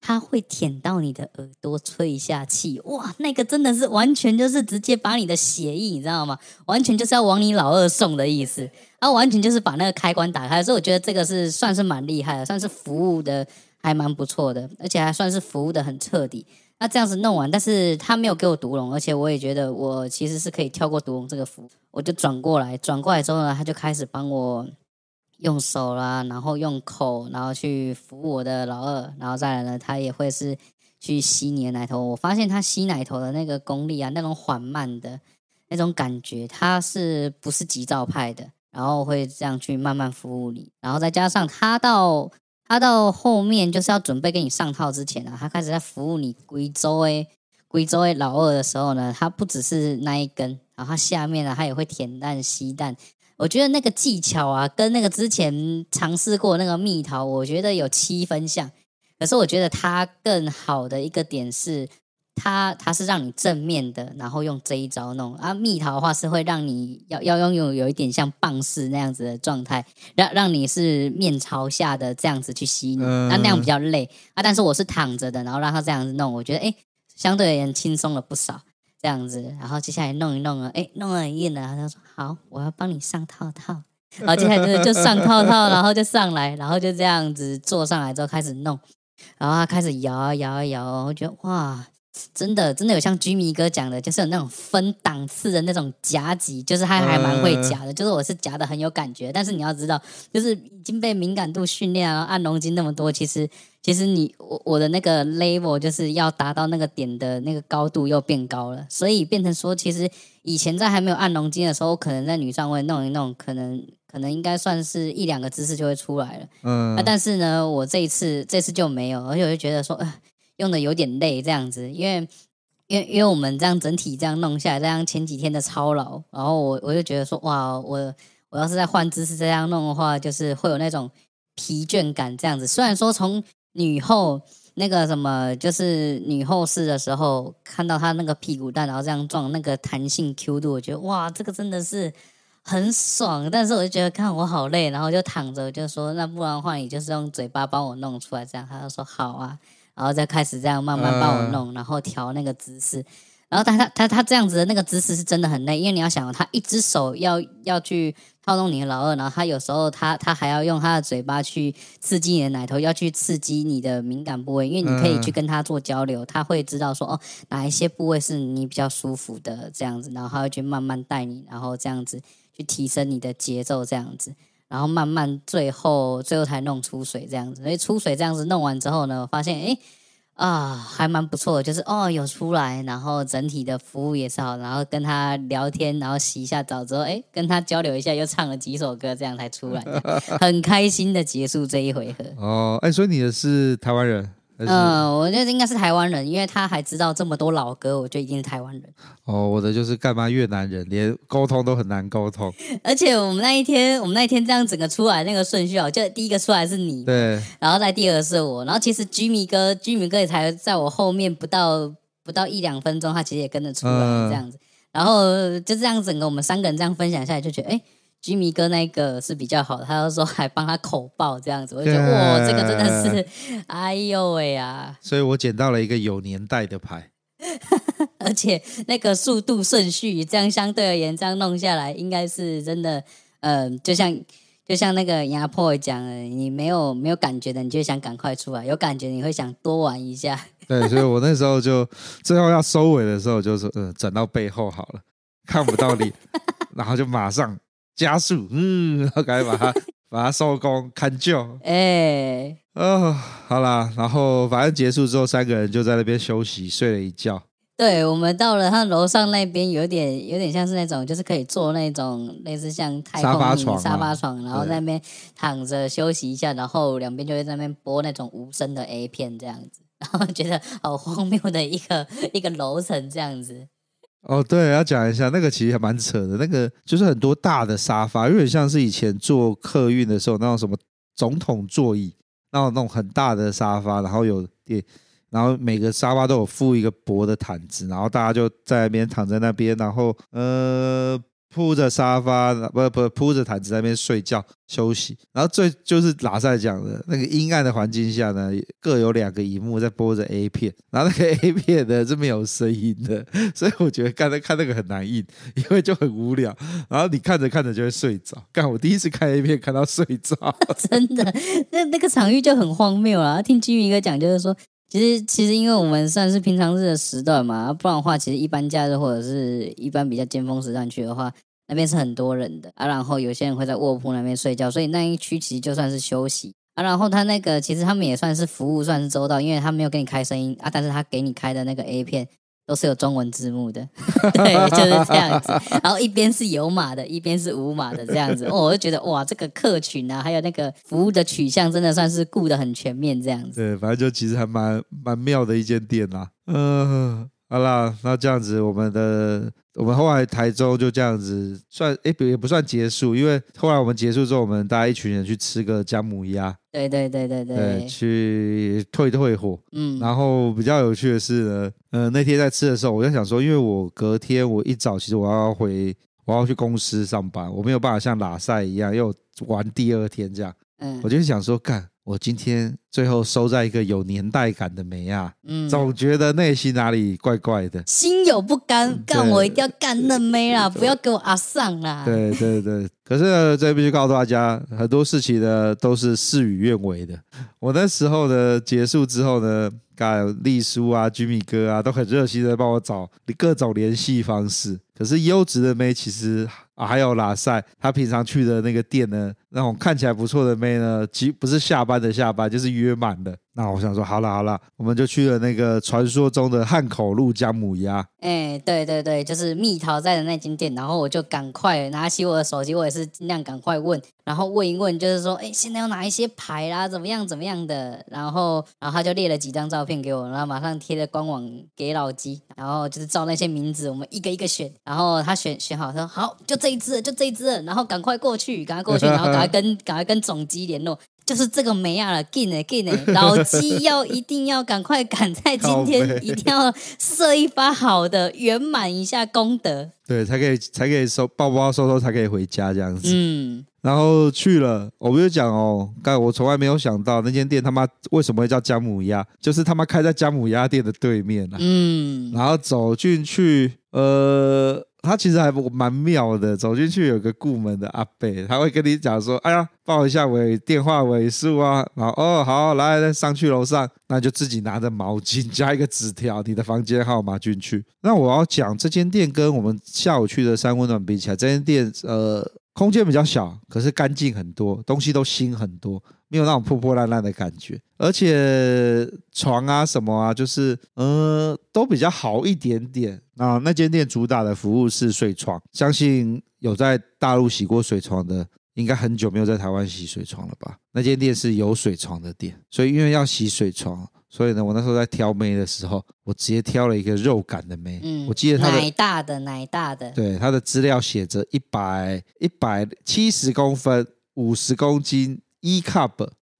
他會舔到你的耳朵吹一下氣，哇，那個真的是完全就是直接把你的血液，你知道嗎？完全就是要往你老二送的意思，啊，完全就是把那個開關打開，所以我覺得這個是算是蠻厲害的，算是服務的還蠻不錯的，而且還算是服務的很徹底。那、啊、這樣子弄完，但是他沒有給我毒龍，而且我也覺得我其實是可以跳過毒龍這個服務，我就轉過來，轉過來之後呢，他就開始幫我用手啦，然後用口，然後去扶我的老二，然後再來呢，他也會是去吸你的奶頭。我發現他吸奶頭的那個功力啊，那種緩慢的那種感覺，他是不是急躁派的？然後會這樣去慢慢服務你，然後再加上他到，他、啊、到後面就是要準備給你上套之前啊，他開始在服務你龜洲誒，龜洲誒老二的時候呢，他不只是那一根，然後它下面呢、啊、他也會舔蛋吸蛋。我覺得那個技巧啊，跟那個之前嘗試過那個蜜桃，我覺得有七分像。可是我覺得他更好的一個點是。他他是讓你正面的，然後用這一招弄啊。蜜桃的話是會讓你要要擁有有一點像棒式那樣子的狀態，讓讓你是面朝下的這樣子去吸那、嗯啊、那樣比較累啊。但是我是躺着的，然後讓他這樣子弄，我覺得誒、欸、相對而言輕鬆了不少。這樣子，然後接下來弄一弄啊，哎、欸，弄了很硬了，然後他說好，我要幫你上套套。然後接下來就是就上套套，然後就上來，然後就這樣子坐上來之後開始弄，然後他開始搖搖搖，我覺得哇。真的，真的有像吉米哥講的，就是有那種分檔次的那種夾擠，就是還還蠻會夾的，嗯、就是我是夾的很有感覺。但是你要知道，就是已經被敏感度訓練啊，按龍筋那麼多，其實其實你我我的那個 level 就是要達到那個點的那個高度又變高了，所以變成說，其實以前在還沒有按龍筋的時候，我可能在女上位弄一弄，可能可能應該算是一兩個姿勢就會出來了。嗯、啊，但是呢，我這一次這一次就沒有，而且我就覺得說，呃。用的有點累這樣子，因為，因為，因為我們這樣整體這樣弄下來，這樣前幾天的操勞，然後我我就覺得說，哇，我我要是在換姿勢這樣弄的話，就是會有那種疲倦感這樣子。雖然說從女後那個什麼，就是女後式的時候看到她那個屁股蛋，然後這樣撞那個彈性 Q 度，我覺得哇，這個真的是很爽。但是我就覺得看我好累，然後就躺着，我就說，那不然的話，你就是用嘴巴幫我弄出來這樣。她就說好啊。然後再開始這樣慢慢幫我弄，呃、然後調那個姿勢。然後他，他、他他他這樣子的那個姿勢是真的很累，因為你要想，他一隻手要要去套弄你的老二，然後他有時候他他還要用他的嘴巴去刺激你的奶頭，要去刺激你的敏感部位，因為你可以去跟他做交流，呃、他會知道說哦，哪一些部位是你比較舒服的這樣子，然後他會去慢慢帶你，然後這樣子去提升你的節奏這樣子。然後慢慢，最後最後才弄出水這樣子，所以出水這樣子弄完之後呢？我發現，哎，啊，還蠻不錯的，就是哦有出來，然後整體的服務也是好，然後跟他聊天，然後洗一下澡之後，哎，跟他交流一下，又唱了幾首歌，這樣才出來，很開心的結束這一回合。哦，哎、呃，所以你也是台灣人？嗯，我覺得應該是台灣人，因為他還知道這麼多老歌，我覺得一定是台灣人。哦，我的就是幹嘛越南人，連溝通都很難溝通。 而且我們那一天，我們那一天這樣整個出來那個順序啊、哦，就第一個出來是你，對，然後在第二個是我，然後其實吉米哥，吉米哥也才在我後面不到不到一兩分鐘，他其實也跟着出來、嗯、這樣子。然後就這樣整個我們三個人這樣分享下來，就覺得哎。誒吉米哥那個是比較好，他就說還幫他口爆這樣子，我就覺得哇，這個真的是哎、呃、呦餵呀、啊！所以我撿到了一個有年代的牌， 而且那個速度順序這樣相對而言，這樣弄下來應該是真的。嗯、呃，就像就像那個壓迫講的，你沒有沒有感覺的，你就想趕快出來；有感覺，你會想多玩一下。對，所以我那時候就 最後要收尾的時候，就是嗯，轉、呃、到背後好了，看不到你， 然後就馬上。加速，嗯，然後趕緊把它 把它收工，看救，哎、欸，哦，好啦，然後反正結束之後，三個人就在那邊休息，睡了一覺。對，我們到了他樓上那邊，有點有點像是那種，就是可以坐那種類似像太空沙發床、啊、沙發床，然後在那邊躺着休息一下，對然後兩邊就在那邊播那種無聲的 A 片這樣子，然後覺得好荒謬的一個一個樓層這樣子。哦，對，要講一下那個其實還蠻扯的，那個就是很多大的沙發，有點像是以前坐客運的時候那種什麼總統座椅，那種那種很大的沙發，然後有電，然後每個沙發都有附一個薄的毯子，然後大家就在那邊躺在那邊，然後，呃。鋪着沙發，不不鋪着毯子，在那邊睡覺休息。然後最就是喇賽講的那個陰暗的環境下呢，各有兩個熒幕在播着 A 片，然後那個 A 片呢是沒有聲音的，所以我覺得剛才看那個很難應，因為就很無聊。然後你看着看着就會睡着。剛好我第一次看 A 片看到睡着， 真的，那那個場域就很荒謬了。聽吉米哥講，就是說。其實其實，其實因為我們算是平常日的時段嘛，不然的話，其實一般假日或者是一般比較尖峰時段去的話，那邊是很多人的啊。然後有些人會在臥鋪那邊睡覺，所以那一區其實就算是休息啊。然後他那個其實他們也算是服務算是週到，因為他沒有給你開聲音啊，但是他給你開的那個 A 片。都是有中文字幕的。 對，就是這樣子。然後一邊是有碼的，一邊是無碼的，這樣子、哦。我就覺得哇，這個客群啊，還有那個服務的取向，真的算是顧得很全面，這樣子。對，反正就其實還蠻蠻妙的一間店啦、啊。嗯、呃。好、啊、啦，那這樣子，我們的我們後來台中就這樣子算，哎、欸，不也不算結束，因為後來我們結束之後，我們大家一群人去吃個薑母鴨。對對對對對，對。呃，去退退火。嗯。然後比較有趣的是呢，嗯、呃，那天在吃的時候，我就想說，因為我隔天我一早其實我要回，我要去公司上班，我沒有辦法像喇賽一樣又玩第二天這樣。嗯。我就想說幹。我今天最後收在一個有年代感的妹啊，嗯，總覺得內心哪裡怪怪的，嗯，心有不甘，嗯，幹我一定要幹嫩妹啦，嗯，不要給我阿桑啦。對。對對對，對 可是呢這邊就告訴大家，很多事情呢都是事與願違的。我那時候呢結束之後呢，幹麗叔啊、吉米哥啊都很熱心的幫我找各種聯繫方式，可是優質的妹其實。啊、還有拉塞，他平常去的那個店呢，那種看起來不錯的妹呢，其不是下班的下班，就是約滿的。那我想說，好了好了，我們就去了那個傳說中的漢口路姜母鴨。哎、欸，對對對，就是蜜桃在的那間店。然後我就趕快拿起我的手機，我也是盡量趕快問，然後問一問，就是說，哎、欸，現在有哪一些牌啦，怎麼樣怎麼樣的。然後，然後他就列了幾張照片給我，然後馬上貼了官網給老雞，然後就是照那些名字，我們一個一個選。然後他選選好，他說好，就這一隻，就這一隻。然後趕快過去，趕快過去，然後趕快跟， 趕快跟趕快跟總機聯絡。就是這個沒鴨了，勁呢勁呢，老雞要一定要趕快趕在今天，一定要射一發好的，圓滿一下功德，對，才可以才可以收包包收收才可以回家這樣子。嗯，然後去了，我不就講哦、喔，剛我從來沒有想到那間店他媽為什麼會叫薑母鴨，就是他媽開在薑母鴨店的對面啦。嗯，然後走進去，呃。他其實還蠻妙的，走進去有個顧門的阿伯，他會跟你講說：“哎呀，報一下尾電話尾數啊，然後哦好，來再上去樓上，那就自己拿着毛巾加一個紙條，你的房間號碼進去。”那我要講這間店跟我們下午去的三溫暖比起來，這間店呃空間比較小，可是乾淨很多，東西都新很多。沒有那種破破爛爛的感覺，而且床啊什麼啊，就是呃都比較好一點點，啊。那那間店主打的服務是水床，相信有在大陸洗過水床的，應該很久沒有在台灣洗水床了吧？那間店是有水床的店，所以因為要洗水床，所以呢，我那時候在挑妹的時候，我直接挑了一個肉感的妹，嗯。我記得它的奶大的奶大的，大的對，它的資料寫着一百一百七十公分，五十公斤。一、e、cup，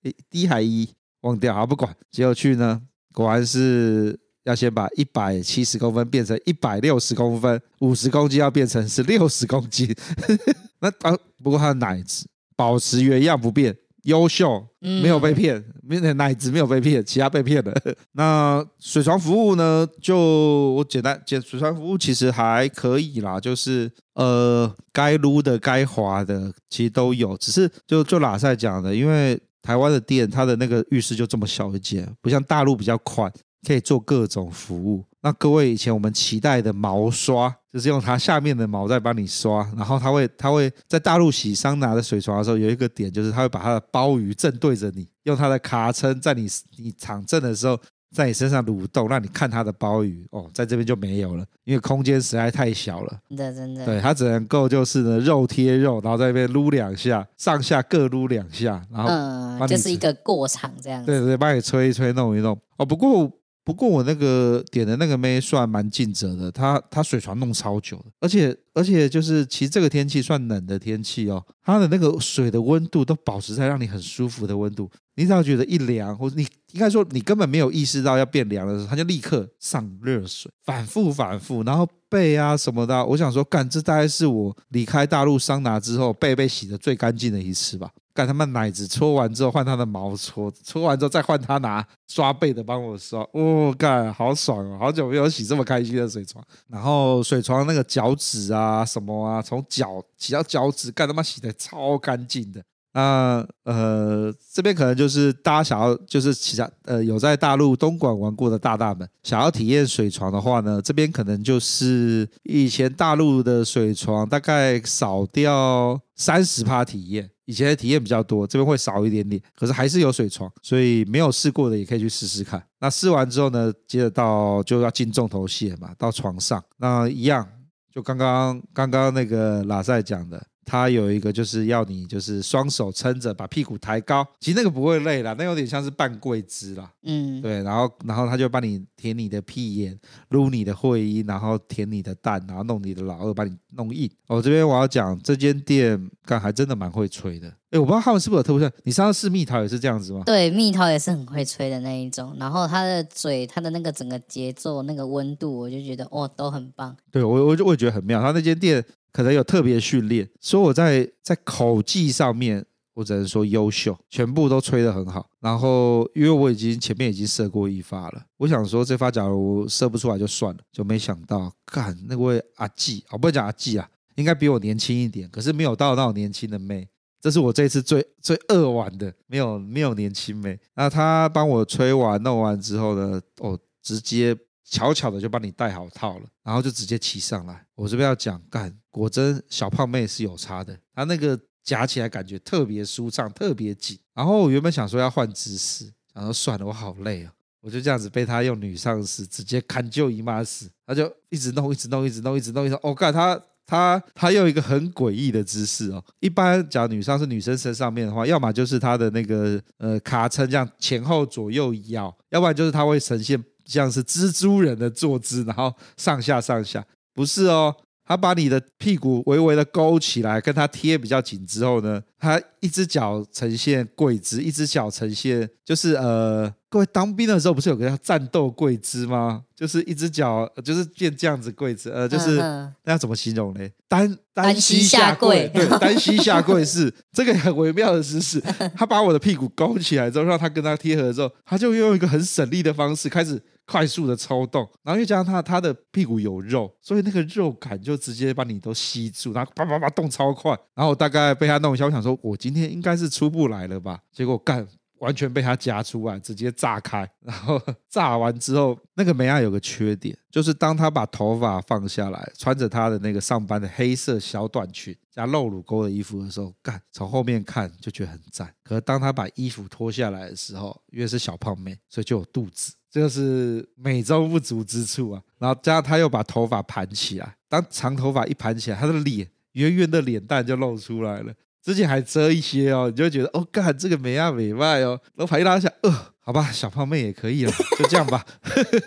誒，低還一、e, 忘掉啊，不管，結果去呢，果然是要先把一百七十公分變成一百六十公分，五十公斤要變成是六十公斤， 那啊，不過他的奶子保持原樣不變。優秀，沒有被騙，並、嗯、奶子沒有被騙，其他被騙了。 那水床服務呢？就我簡單簡，水床服務其實還可以啦，就是呃，該擼的、該滑的，其實都有。只是就就喇賽講的，因為台灣的店，它的那個浴室就這麼小一間，不像大陸比較寬，可以做各種服務。那各位以前我們期待的毛刷，就是用它下面的毛在幫你刷，然後它會它會在大陸洗桑拿的水床的時候，有一個點就是它會把它的鮑魚正對着你，用它的卡稱在你你躺正的時候，在你身上蠕動，讓你看它的鮑魚。哦，在這邊就沒有了，因為空間實在太小了。對，真的。對，它只能夠就是呢肉貼肉，然後在那邊擼兩下，上下各擼兩下，然後嗯，就是一個過場這樣子。對，對對，幫你吹一吹，弄一弄。哦，不過。不過我那個點的那個妹算蠻盡責的，她她水床弄超久的，而且而且就是其實這個天氣算冷的天氣哦，它的那個水的溫度都保持在讓你很舒服的溫度，你只要覺得一涼，或者你應該說你根本沒有意識到要變涼的時候，她就立刻上熱水，反覆反覆，然後背啊什麼的，啊，我想說幹，這大概是我離開大陸桑拿之後背被洗的最乾淨的一次吧。他們奶子搓完之後換他的毛搓，搓完之後再換他拿刷背的幫我刷，哦，幹好爽哦，好久沒有洗這麼開心的水床。然後水床那個腳趾啊什麼啊，從腳洗到腳趾，幹他媽洗的超乾淨的。那呃，呃，這邊可能就是大家想要，就是其他呃有在大陸東莞玩過的大大們，想要體驗水床的話呢，這邊可能就是以前大陸的水床大概少掉三十趴體驗。以前的體驗比較多，這邊會少一點點，可是還是有水床，所以沒有試過的也可以去試試看。那試完之後呢，接着到就要進重頭戲了嘛，到床上，那一樣，就剛剛剛剛那個喇賽講的。他有一個就是要你就是雙手撐着，把屁股抬高，其實那個不會累啦，那個、有點像是半跪姿啦。嗯，對，然後然後他就幫你舔你的屁眼，擼你的會陰，然後舔你的蛋，然後弄你的老二，把你弄硬。哦，這邊我要講這間店幹，還真的蠻會吹的。哎，我不知道他們是不是有特別像你上次試蜜桃也是這樣子嗎？對，蜜桃也是很會吹的那一種，然後他的嘴，他的那個整個節奏那個溫度，我就覺得哦都很棒。對，我我就我也覺得很妙。他那間店。可能有特別訓練，所以我在在口技上面，我只能說優秀，全部都吹得很好。然後，因為我已經前面已經射過一發了，我想說這發假如射不出來就算了，就沒想到幹那位阿紀哦，我不是講阿紀啊，應該比我年輕一點，可是沒有到那種年輕的妹。這是我這次最最惡玩的，沒有沒有年輕妹，那他幫我吹完弄完之後呢，哦，直接。巧巧的就幫你戴好套了，然後就直接騎上來。我這邊要講，幹果真小胖妹是有差的，她那個夾起來感覺特別舒暢，特別緊。然後我原本想說要換姿勢，想說算了，我好累啊、哦，我就這樣子被她用女上位直接砍，救姨媽死，她就一直弄，一直弄，一直弄，一直弄，一直哦，幹她她她用一個很詭異的姿勢哦。一般假如女上位女生在上面的話，要麼就是她的那個呃卡層這樣前後左右搖，要不然就是她會呈現。像是蜘蛛人的坐姿，然後上下上下，不是哦，他把你的屁股微微的勾起來，跟他貼比較緊之後呢，他一隻腳呈現跪姿，一隻腳呈現就是呃。各位當兵的時候不是有個叫戰鬥跪姿嗎？就是一只腳就是變這樣子跪姿，呃，就是、嗯、那要怎麼形容呢？單單膝下跪，嗯、對，嗯、單膝下跪是 這個很微妙的姿勢。他把我的屁股勾起來之後，讓他跟他貼合之後，他就用一個很省力的方式開始快速的抽動，然後又加上他他的屁股有肉，所以那個肉感就直接把你都吸住，然後啪啪啪動超快。然後我大概被他弄一下，我想說我、哦、今天應該是出不來了吧？結果幹。完全被他夾出來，直接炸開。然後炸完之後，那個梅亞有個缺點，就是當她把頭髮放下來，穿着她的那個上班的黑色小短裙加露乳溝的衣服的時候，幹，從後面看就覺得很讚。可是當她把衣服脫下來的時候，因為是小胖妹，所以就有肚子，這就是美中不足之處啊。然後加上她又把頭髮盤起來，當長頭髮一盤起來，她的臉圓圓的臉蛋就露出來了。之前還遮一些哦，你就會覺得哦，幹，這個沒啊沒賣哦，然後一拉想，哦、呃，好吧，小胖妹也可以了，就這樣吧，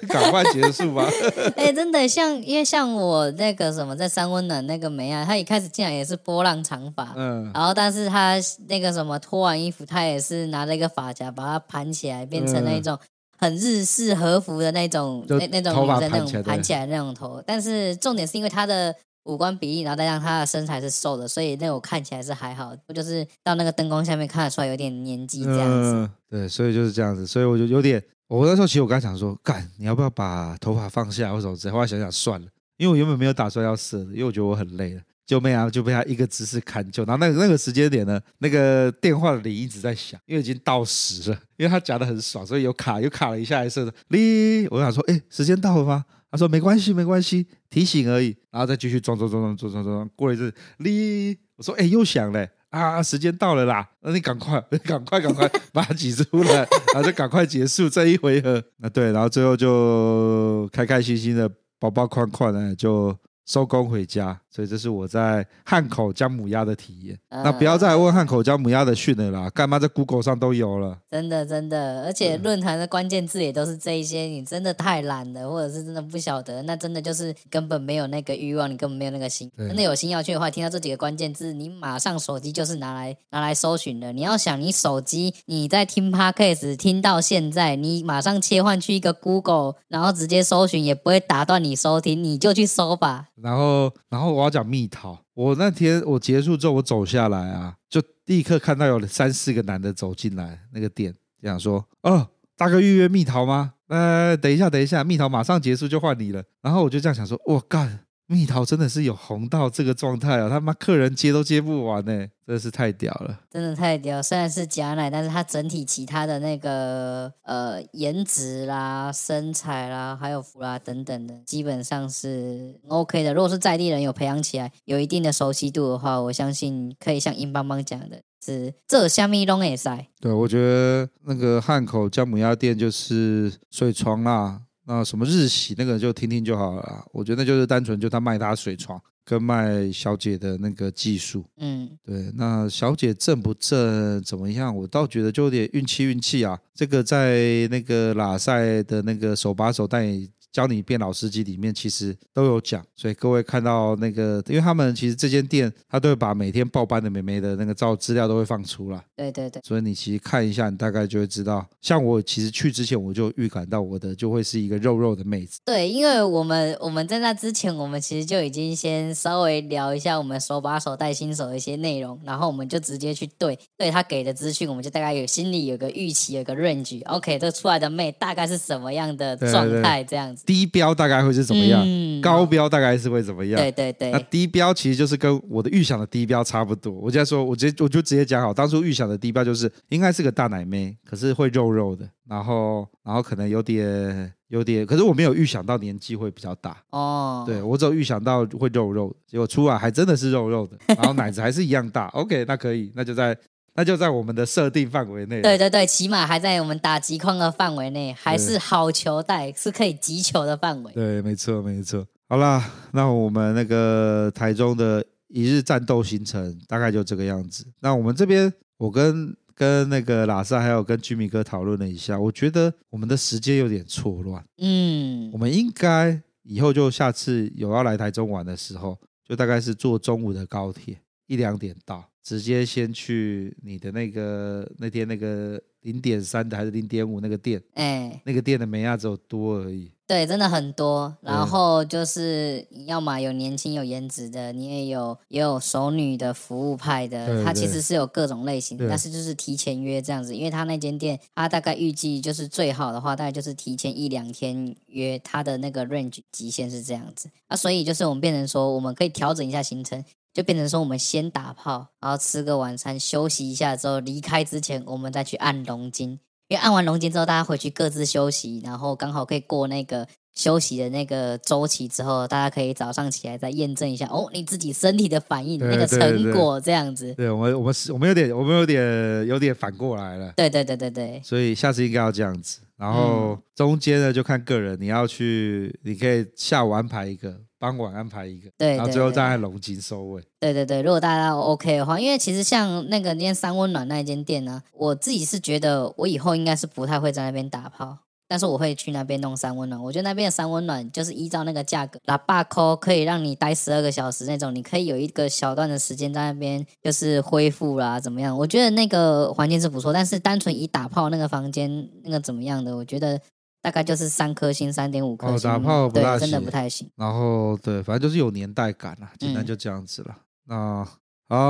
趕 快結束吧。哎、 欸，真的，像因為像我那個什麼，在三溫暖那個梅啊，她一開始進來也是波浪長髮，嗯，然後但是她那個什麼脫完衣服，她也是拿着一個髮夾把它盤起來，變成那種很日式和服的那種那那種那種盤起來那種頭，但是重點是因為她的。五官比例，然後再讓他的身材是瘦的，所以那我看起來是還好，就是到那個燈光下面看得出來有點年紀這樣子，嗯。對，所以就是這樣子，所以我就有點，我那時候其實我剛想說，幹，你要不要把頭髮放下或者什麼？後來想想算了，因為我原本沒有打算要射，因為我覺得我很累了，就那樣就被他一個姿勢看，就然後那個、那個時間點呢，那個電話的鈴一直在響，因為已經到時了，因為他夾得很爽，所以有卡有卡了一下還是。的哩，我想說，哎，時間到了嗎？他說：“沒關係，沒關係，提醒而已。”然後再繼續裝裝裝裝裝裝裝。過了一陣，哩，我說、欸想欸：“哎，又響了啊！時間到了啦！那你趕快、趕快、趕快把它擠出來， 然後就趕快結束這一回合。”啊，對，然後最後就開開心心的、飽飽寬寬，欸就收工回家。所以這是我在漢口薑母鴨的體驗。嗯、那不要再問漢口薑母鴨的訊了啦，幹嘛在 Google 上都有了？真的真的，而且論壇的關鍵字也都是這一些。嗯、你真的太懶了，或者是真的不曉得，那真的就是根本沒有那個慾望，你根本沒有那個心。真的對有心要去的話，聽到這幾個關鍵字，你馬上手機就是拿來拿來搜尋了。你要想你手機你在聽 Podcast 聽到現在，你馬上切換去一個 Google，然後直接搜尋也不會打斷你收聽，你就去搜吧。然後然後我。我講蜜桃，我那天我結束之後，我走下來啊，就立刻看到有三四個男的走進來那個店，這樣說：“哦，大哥預約蜜桃嗎？”呃，等一下，等一下，蜜桃馬上結束就換你了。然後我就這樣想說：“我、哦、幹。”蜜桃真的是有紅到這個狀態啊，他媽客人接都接不完呢、欸，真的是太屌了！真的太屌，雖然是假奶，但是它整體其他的那個呃顏值啦、身材啦、還有服啦、啊、等等的，基本上是 OK 的。如果是在地人有培養起來、有一定的熟悉度的話，我相信可以像英邦邦講的是這蝦米攏也塞。對，我覺得那個漢口薑母鴨店就是水床啦。那什麼日系那個就聽聽就好了，我覺得那就是單純就他賣他水床跟賣小姐的那個技術，嗯，對。那小姐正不正怎麼樣？我倒覺得就有點運氣運氣啊。這個在那個喇賽的那個手把手帶你，教你變老司機裡面其實都有講，所以各位看到那個，因為他們其實這間店他都會把每天報班的美眉的那個照資料都會放出來。對對對，所以你其實看一下，你大概就會知道。像我其實去之前我就預感到我的就會是一個肉肉的妹子。對，因為我們我們在那之前，我們其實就已經先稍微聊一下我們手把手帶新手的一些內容，然後我們就直接去對對他給的資訊，我們就大概有心裡有個預期，有個 range。OK，這出來的妹大概是什麼樣的狀態，對對對，這樣子。低標大概會是怎麼樣？嗯、高標大概是會怎麼樣？哦、對對對，那低標其實就是跟我的預想的低標差不多。我直接說，我直接我就直接講好，當初預想的低標就是應該是個大奶妹，可是會肉肉的，然後然後可能有點有點，可是我沒有預想到年紀會比較大哦。對我只有預想到會肉肉，結果出來還真的是肉肉的，嗯、然後奶子還是一樣大。 OK，那可以，那就在。那就在我們的設定範圍內，對對對，起碼還在我們打擊框的範圍內，還是好球帶，對對是可以擊球的範圍。對，沒錯，沒錯。好啦，那我們那個台中的一日戰鬥行程大概就這個樣子。那我們這邊，我跟跟那個喇賽還有跟吉米哥討論了一下，我覺得我們的時間有點錯亂。嗯，我們應該以後就下次有要來台中玩的時候，就大概是坐中午的高鐵，一兩點到。直接先去你的那個那天那個零點三的還是零點五那個店，哎、欸，那個店的美亞只有多而已。對，真的很多。然後就是要嘛有年輕有顏值的，對你也有也有熟女的服務派的，對對它其實是有各種類型。對但是就是提前約這樣子，因為他那間店，他大概預計就是最好的話，大概就是提前一兩天約。他的那個 range 極限是這樣子啊，所以就是我們變成說，我們可以調整一下行程。就變成說，我們先打炮，然後吃個晚餐，休息一下之後離開之前，我們再去按龍筋。因為按完龍筋之後，大家回去各自休息，然後剛好可以過那個休息的那個周期之後，大家可以早上起來再驗證一下哦，你自己身體的反應，對對對對，那個成果這樣子。對，我們我們是，我們有點，我們有點有點反過來了。對對對對對。所以下次應該要這樣子，然後、嗯、中間呢就看個人，你要去，你可以下午安排一個。幫我安排一個，對，對，對，對，然後最後再在龍筋收尾。對對對，如果大家 OK 的話，因為其實像那個念三溫暖那一間店呢、啊，我自己是覺得我以後應該是不太會在那邊打炮，但是我會去那邊弄三溫暖。我覺得那邊的三溫暖就是依照那個價格，喇叭摳可以讓你待十二個小時那種，你可以有一個小段的時間在那邊，就是恢復啦、啊、怎麼樣？我覺得那個環境是不錯，但是單純以打炮那個房間那個怎麼樣的，我覺得。大概就是三顆星，三點五顆星，對，真的不太行。然後對，反正就是有年代感啦、啊，今天就這樣子了。嗯、那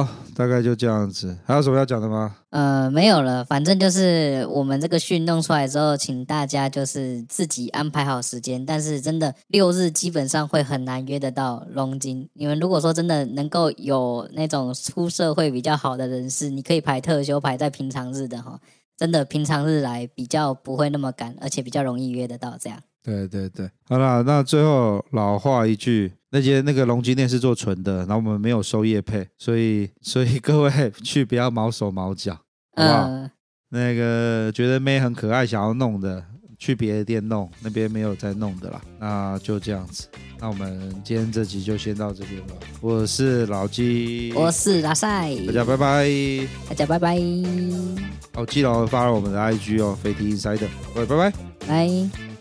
好，大概就這樣子。還有什麼要講的嗎？呃，沒有了。反正就是我們這個訓弄出來之後，請大家就是自己安排好時間。但是真的六日基本上會很難約得到龍筋。你們如果說真的能夠有那種出社會比較好的人士，你可以排特休，排在平常日的哈。真的，平常日來比較不會那麼趕，而且比較容易約得到這樣。對對對，好了，那最後老話一句，那些那個龍筋店是做純的，然後我們沒有收業配，所以所以各位去不要毛手毛腳，嗯、好不好？嗯、那個覺得妹很可愛想要弄的，去別的店弄，那邊沒有在弄的啦。那就這樣子。那我們今天這集就先到這邊吧。我是老雞，我是喇賽，大家拜拜，大家拜拜。好、哦，記得、哦、發我們的 IG 哦，Fatty Insider。拜拜，拜。